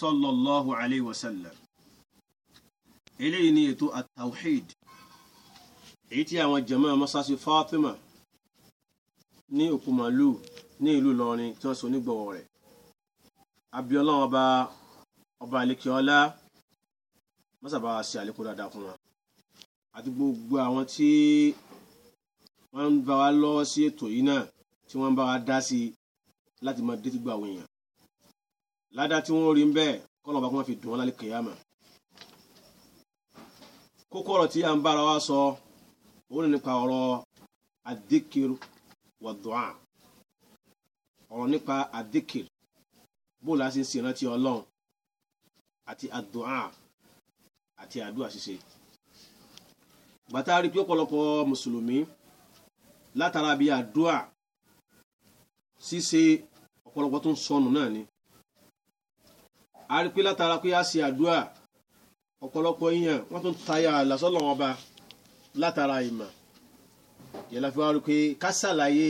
sallallahu alayhi wa sallam eléyìí ni ètò at-tawhid èyí tí àwọn jama masasi Fatima ní Òkúmàlú ní ìlú Ìlọrin tí wọ́n so nígbọ̀wọ́ rẹ̀ abiola ọba ọba alekeola masaba ṣe àlékún dáadáa fún wa àti gbogbo àwọn tí wọ́n bá wa lọ́wọ́ sí ètò yìí náà tí wọ́n bá wa dá sí láti máa dé ti gba àwọn ládàá tí wọ́n rí ń bẹ́ẹ̀ kọ́lọ̀ bá kọ́ fi dùn wọ́n lálẹ́ kìyàmà. kókó ọ̀rọ̀ tí à ń bára wa sọ òun ni nípa ọ̀rọ̀ adékèrú wà dùnà ọ̀rọ̀ nípa adékèrú bóòlù á sì ń ṣèrántí ọlọ́run àti àdùnà àti àdúrà ṣíṣe. bàtà rí pé ọ̀pọ̀lọpọ̀ mùsùlùmí látara bíi àdúrà ṣíṣe ọ̀pọ̀lọpọ̀ tó ń sọnù náà ni a rí pé látara pé a ṣe àdúrà ọ̀pọ̀lọpọ̀ yíyan wọ́n tún tayà lásọ̀lọ́ wọn látara ìmọ̀ yẹn la fi wá rí pé ká ṣàlàyé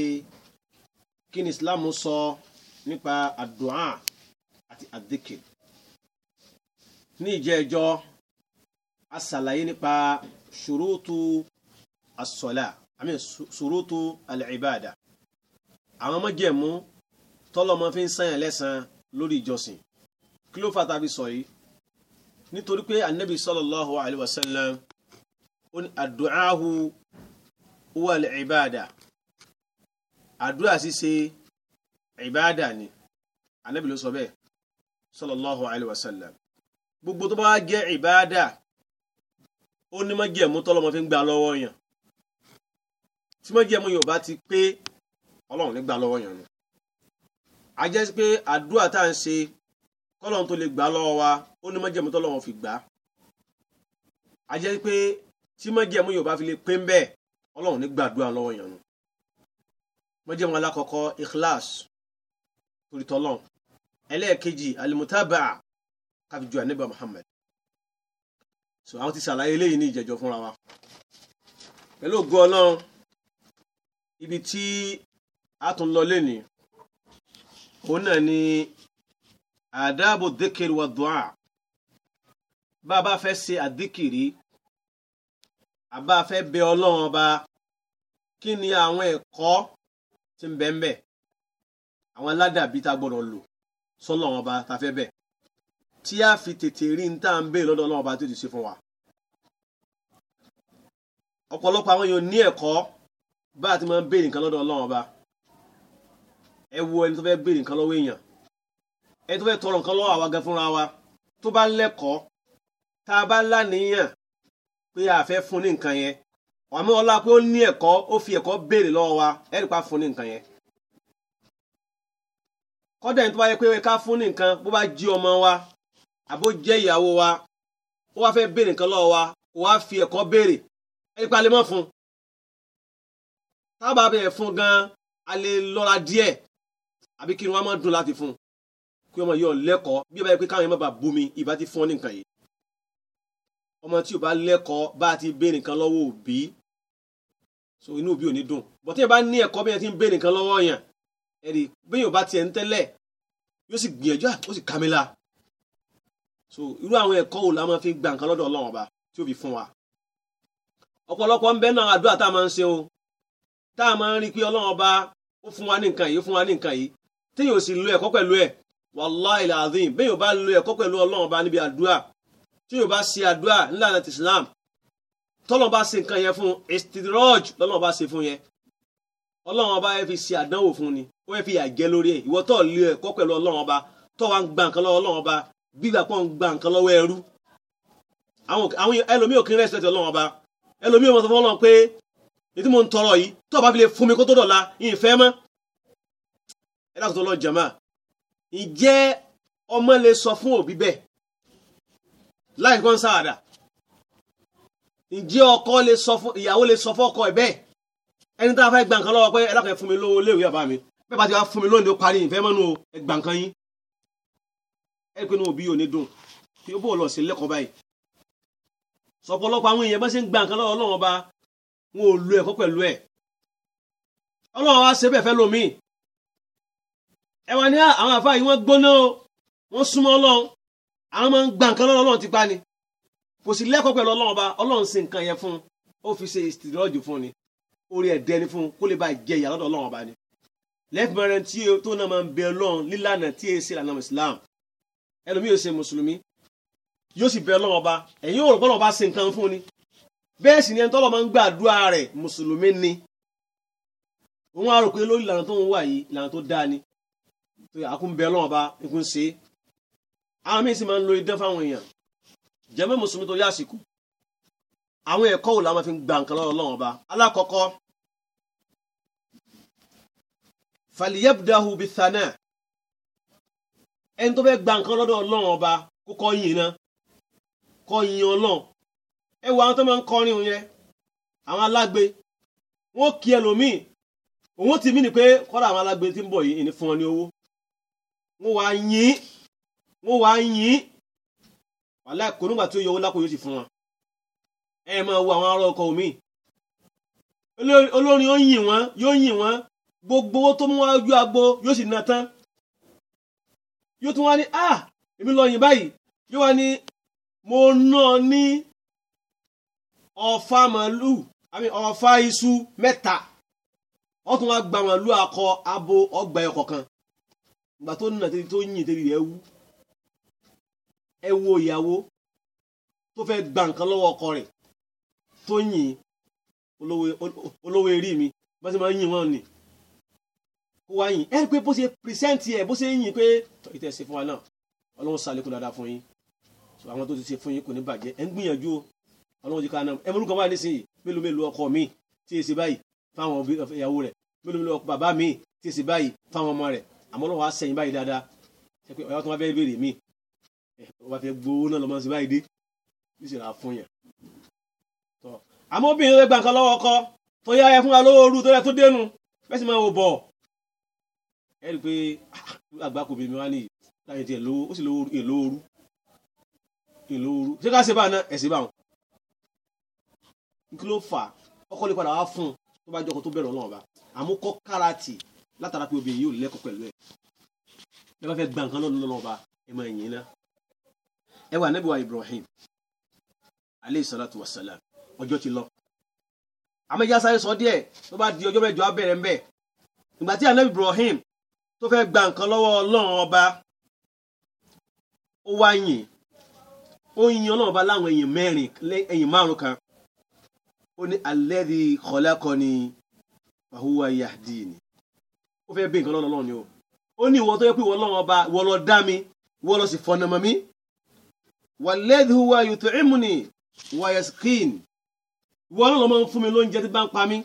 kí ni Islam sọ nípa àdúrà àti àdìkì ní ìjẹ́jọ́ a ṣàlàyé nípa ṣùrùtù asọ̀là àmì ṣùrùtù alìbàdà àwọn ọmọ jẹ̀mú tọ́lọ́mọ fi ń sàn yàn lẹ́sàn lórí ìjọsìn kí ló fà tá a fi sọ yìí nítorí pé anabi sallallahu alayhi wa sallam ó ní àdúràhù huwa al-ibada àdúrà ṣíṣe ìbáàdà ni anabi ló sọ bẹ́ẹ̀ sallallahu alayhi wa sallam gbogbo tó bá jẹ́ ìbáàdà ó ní májẹ̀mú tọ́lọ́mọ fi ń gbà yàn tí májẹ̀mú yóò bá ti pé ọlọ́run ní gbà lọ́wọ́ yàn ni a jẹ́ pé àdúrà tá à ń ṣe kọ́lọ́n tó lè gbà lọ́wọ́ wa ó ní májẹ̀mú tọ́lọ́wọ́ fi gbà á jẹ́ pé tí májẹ̀mú yóò bá fi lè pé ń bẹ́ẹ̀ ọlọ́run ní gbàdúrà lọ́wọ́ yẹn nu májẹ̀mú alákọ̀ọ́kọ́ ikhlas torí tọ́lọ́n ẹlẹ́ẹ̀kejì alimutaba káfíjú àníbà Muhammad so àwọn ti ṣàlàyé eléyìí ní ìjẹjọ fúnra wa pẹ̀lú ògo ọlọ́run ibi tí a tún lọ lé ní òun náà ni àdáàbò dékèrè wà dùá bá a bá fẹ́ ṣe àdíkìrí a bá fẹ́ bẹ ọlọ́run ọba kí ni àwọn ẹ̀kọ́ tí ń bẹ ń bẹ àwọn aládàbí tá a gbọ́dọ̀ lò sọ́lọ́run ọba tá a fẹ́ bẹ̀ tí a fi tètè rí ní tá à ń bèèrè lọ́dọ̀ ọlọ́run ọba tó ti ṣe fún wa ọ̀pọ̀lọpọ̀ àwọn èèyàn ní ẹ̀kọ́ bá a ti máa ń béèrè nǹkan lọ́dọ̀ ọlọ́run ọba ẹ wo ẹni tó fẹ́ béèrè nǹkan lọ́wọ́ èèyàn e tó fẹ́ tọrọ nǹkan lọ́wọ́ àwa gan wa tó bá lẹ́kọ̀ọ́ tá a bá láníyàn pé a fẹ́ fún ní nǹkan yẹn àmọ́ ọlá pé ó ní fi ẹ̀kọ́ béèrè lọ́wọ́ wa ẹ̀rí pa fún ní nǹkan yẹn. kọ́dà ní tó bá yẹ pé ká fún ní nǹkan bó bá jí wa àbó jẹ́ ìyàwó wa ó wá fẹ́ béèrè nǹkan lọ́wọ́ wa fi ẹ̀kọ́ béèrè ẹ̀rí pa lè mọ́ fún tábà bẹ̀rẹ̀ fún gan-an a lè lọ́ra díẹ̀ àbí pé ọmọ yóò lẹ́kọ̀ọ́ bí ó bá yẹ pé káwọn yẹn má bàa bomi ìbá ti fún ọ yìí ọmọ tí ò bá lẹ́kọ̀ọ́ bá a ti bẹ nìkan lọ́wọ́ òbí so inú òbí ò ní dùn bọ́tí yẹn bá ní ẹ̀kọ́ bí yẹn ti ń bẹ nìkan lọ́wọ́ yẹn ẹ̀rí bí yẹn bá tiẹ̀ ń tẹ́lẹ̀ yóò sì gbìyànjú ó sì kámẹ́lá so irú àwọn ẹ̀kọ́ wo la máa fi gba nǹkan lọ́dọ̀ Ọlọ́run ọba tí ó fi fún wa ọ̀pọ̀lọpọ̀ ń bẹ a máa wàláì làdín bẹ́ẹ̀ yóò bá lo ẹ̀kọ́ pẹ̀lú ọlọ́run ọba níbi àdúrà tí yóò bá ṣe àdúrà nílànà ti Islam tọ́lọ́n bá ṣe nǹkan yẹn fún istidraj lọ́lọ́run bá ṣe fún yẹn ọlọ́run ọba yẹn fi ṣe àdánwò fún ni ó yẹ fi yà jẹ́ lórí ẹ̀ ìwọ tó lo ẹ̀kọ́ pẹ̀lú ọlọ́run ọba tó wá ń gba nǹkan lọ́wọ́ ọlọ́run ọba gbígbà pọ̀ ń gba nǹkan lọ́wọ́ ẹrú àwọn ẹlòmíì ò kí ń respect ọlọ́run ọba ẹlòmíì ò mọ̀ sọ fún ọlọ́run pé ètò mo ń tọrọ yìí tó bá fi lè fún mi kó tó dọ̀la ìfẹ́ mọ́ ẹ dákòtò ǹjẹ́ ọmọ lè sọ fún òbí bẹ́ẹ̀ láì kàn sáàdà ǹjẹ́ ọkọ lè sọ fún ìyàwó lè sọ fún ọkọ ẹ̀ bẹ́ẹ̀ ẹni tá a fẹ́ gba nǹkan lọ́wọ́ pé ẹlọ́kàn fún mi lówó léwu yàrá mi bẹ́ẹ̀ bá ti wá fún mi lónìí ó parí ìfẹ́ mọ́nu ẹ gba nǹkan yín ẹ pinnu òbí yóò ní dùn kí ó bò lọ sí lẹ́kọ̀ọ́ báyìí sọ̀pọ̀lọpọ̀ àwọn èèyàn bá ṣe ń gba nǹkan lọ́wọ́ Ọlọ́run ọba wọn ò lo ẹ̀kọ́ pẹ̀lú ẹ̀ Ọlọ́run wá ṣe bẹ́ẹ̀ fẹ́ lómi ẹ wá ní ah, àwọn àfa yìí wọ́n gbóná o wọ́n súnmọ́ ọlọ́run àwọn máa ń gba nǹkan lọ́wọ́ ọlọ́run ti pa ni kò sì lẹ́kọ̀ọ́ pẹ̀lú ọlọ́run ọba ọlọ́run ṣe nǹkan yẹn fún ó fi ṣe ìsìtìrọ́jù fún ni orí ẹ̀dẹ́ ni fún kó lè bá jẹ ìyà lọ́dọ̀ ọlọ́run ọba ni lẹ́fìmọ̀rẹ́ tí tó náà máa ń bẹ ọlọ́run lílànà tí èsì ìlànà Islam ẹlòmíì yóò ṣe mùsùlùmí yóò sì bẹ ọlọ́run ọba ẹ̀yin ò rò pọ́n ọba ṣe nǹkan fún ni bẹ́ẹ̀ sì ni ẹni tọ́lọ́ máa ń gbàdúrà rẹ̀ mùsùlùmí ni òun á rò pé lórí ìlànà tó ń wà yìí ìlànà àkúnbẹ ọlọ́run ọba ikú ń ṣe é àwọn míì sì máa ń lo idán fáwọn èèyàn jẹ́mọ́ mùsùlùmí torí àsìkò àwọn ẹ̀kọ́ wò la máa fi gba nǹkan lọ́wọ́ ọlọ́run ọba alákọ̀ọ́kọ́ fàlìyẹ́bùdáhù bíi thanà ẹni tó fẹ́ gba nǹkan lọ́dọ̀ ọlọ́run ọba kó kọ́ yìn náà kọ́ yìn ọlọ́run ẹ wo àwọn tó máa ń kọrin òun yẹn àwọn alágbe wọn kí ẹlòmíì òun ti mí ni pé kọ́ra àwọn alágbe ti ń bọ̀ yìí ní fún ọ ní owó wọ́n wá yín wọ́n wá yín wàhálà kò nígbà tí ó yọ owó lápò yóò sì fún wọn ẹ máa wo àwọn ará ọkọ mi olórin yóò yìn wọn yóò yìn wọn gbogbo owó tó mú wá ojú agbo yóò sì na tán yóò tún wá ní a ah, èmi lọ yìn báyìí yóò wá ní mo ná ní ọ̀fà màálù àmì ọ̀fà iṣu mẹ́ta wọ́n tún wá gba màálù akọ abo ọgbà ẹ̀kọ̀ kan ìgbà tó nà tẹ́lẹ̀ tó yìn tẹ́lẹ̀ rẹ̀ wú ẹ wo ìyàwó tó fẹ́ gba nǹkan lọ́wọ́ ọkọ rẹ̀ tó yìn olówó eré mi bá ti máa ń yìn wọn ni kó wá yìn ẹ pé bó ṣe pírísẹ́ǹtì ẹ bó ṣe yìn pé ìtẹ̀ ṣe fún wa náà ọlọ́run ṣàlékún dáadáa fún yín àwọn tó ti ṣe fún yín kò ní bàjẹ́ ẹ ń gbìyànjú ọlọ́run jí ká náà ẹ mọ̀lúkọ wà nísìnyí mélòó mélòó ọkọ mi tí èsì báyìí fáwọn ìyàwó rẹ̀ mélòó mélòó ọkọ bàbá mi tí èsì báyìí fáwọn ọmọ rẹ̀ àmọ́ ọlọ́run á sẹ́yìn báyìí dáadáa ṣe pé ọ̀yá tó wá fẹ́ béèrè mí ọba fẹ́ gbowó náà lọ́mọ sí báyìí dé bí sì rà fún yẹn. àmọ́ obìnrin rẹ̀ gbà nǹkan lọ́wọ́ ọkọ tó yá ẹ fún wa lówó ooru tó rẹ tó dénú bẹ́ẹ̀ sì máa wò bọ̀ ẹ rí i pé ah, àgbákò bèbí wa nìyí láyé tí èlò ó sì lówó èlò ooru èlò ooru ṣé ká ṣe báyìí náà ẹ̀sìn báwọn kí ló fà ọkọ lè padà wá fún un tó bá jọkọ tó látara pé obìnrin yóò lẹ́kọ̀ọ́ pẹ̀lú ẹ̀ ẹ bá fẹ́ gba nǹkan lọ́dún lọ́ba ẹ máa yìn ná ẹ wà nẹ́bí wa Ibrahim aleyhi salatu wa salam ọjọ́ ti lọ àmọ́ ìyá sáré sọ díẹ̀ tó bá di ọjọ́ mẹ́jọ abẹ́rẹ́ ń bẹ̀ ìgbà tí anabi Ibrahim tó fẹ́ gba nǹkan lọ́wọ́ ọlọ́run ọba ó wá yìn ó yin ọlọ́run ọba láwọn ẹ̀yìn mẹ́rin ẹ̀yìn márùn kan ó ní alladhi khalaqani wa yahdini ó fẹ́ bí nǹkan lọ́nà lọ́nà ni o ó ní ìwọ tó yẹ pé ìwọ lọ́wọ́ ọba ìwọ lọ dá mi ìwọ lọ sì fọ̀nàmọ́ mi walladhi huwa yut'imuni wa yasqin ìwọ náà lọ ń fún mi lóúnjẹ tí bá ń pa mí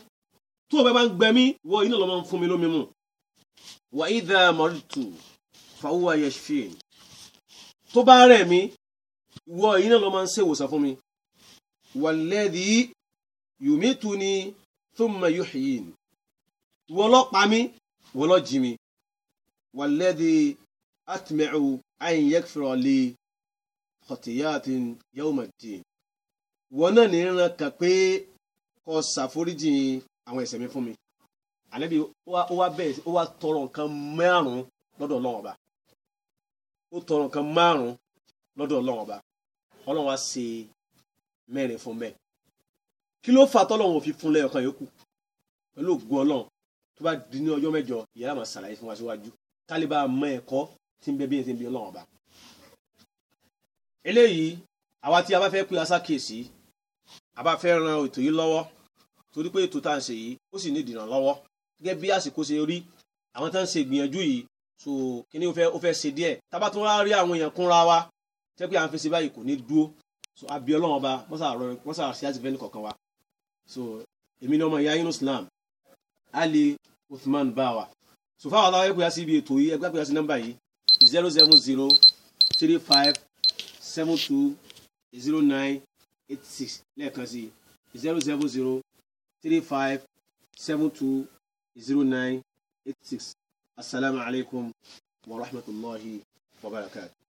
tó bá ń gbẹ mí ìwọ yìí náà lọ ń fún mi lómi mu wa idha maridtu fa huwa yashfin tó bá rẹ̀ mí ìwọ yìí náà lọ ń ṣe ìwòsàn fún mi walladhi yumituni thumma yuhyin wọ́lọ́ jì mí wàlẹ́dì àtìmẹ́ù àyìn yẹ́kfìrọ̀ lè kọ̀tìyàtì yawmaddi wọn náà ní ìran kan pé kó ṣàforíjì àwọn ẹ̀ṣẹ̀ mi fún mi ànábì ó wá bẹ́ẹ̀ ó wá tọrọ nǹkan márùn-ún lọ́dọ̀ ọlọ́run ọba ó tọrọ nǹkan márùn-ún lọ́dọ̀ ọlọ́run ọba ọlọ́run wá mẹ́rin fún bẹ́ẹ̀ kí ló fà tọ́lọ́run fi fún lẹ́yọ̀kan yòókù pẹ̀lú ògùn ọlọ́run tó bá di ní ọjọ́ mẹ́jọ ìyá àmọ́ ṣàlàyé fún wa síwájú kálíbà mọ ẹ̀kọ́ tí ń bẹ bí ẹni tí ń bí ọlọ́run ọba. eléyìí àwa tí a bá fẹ́ pé asá kèsì a bá fẹ́ ran ètò yìí lọ́wọ́ torí pé ètò tá à ń ṣe yìí ó sì ní ìdìrán lọ́wọ́ gẹ́gẹ́ bí àsìkò ṣe rí àwọn tá à ń ṣe ìgbìyànjú yìí so kíní ó fẹ́ ó fẹ́ ṣe díẹ̀ tábà tó wá rí àwọn èèyàn kúnra wa jẹ́ pé à ń fèsì báyìí kò ní dúró so àbí ọlọ́run ọba mọ́sàárọ̀ mọ́sàárọ̀ sí àtìfẹ́ni kọ̀ọ̀kan wa so èmi ni ọmọ ìyá yín Islam ali uthman bawa so fáwọn aláwọ̀ ẹ̀kọ́ yá sí ibi ètò yìí ẹgbẹ́ pẹ̀lú nọ́mbà yìí zero seven zero three five seven two zero nine eight six lẹ́ẹ̀kan sí zero seven zero three five seven two zero nine eight six asalaamualeykum wa rahmatulahi wa barakatuh.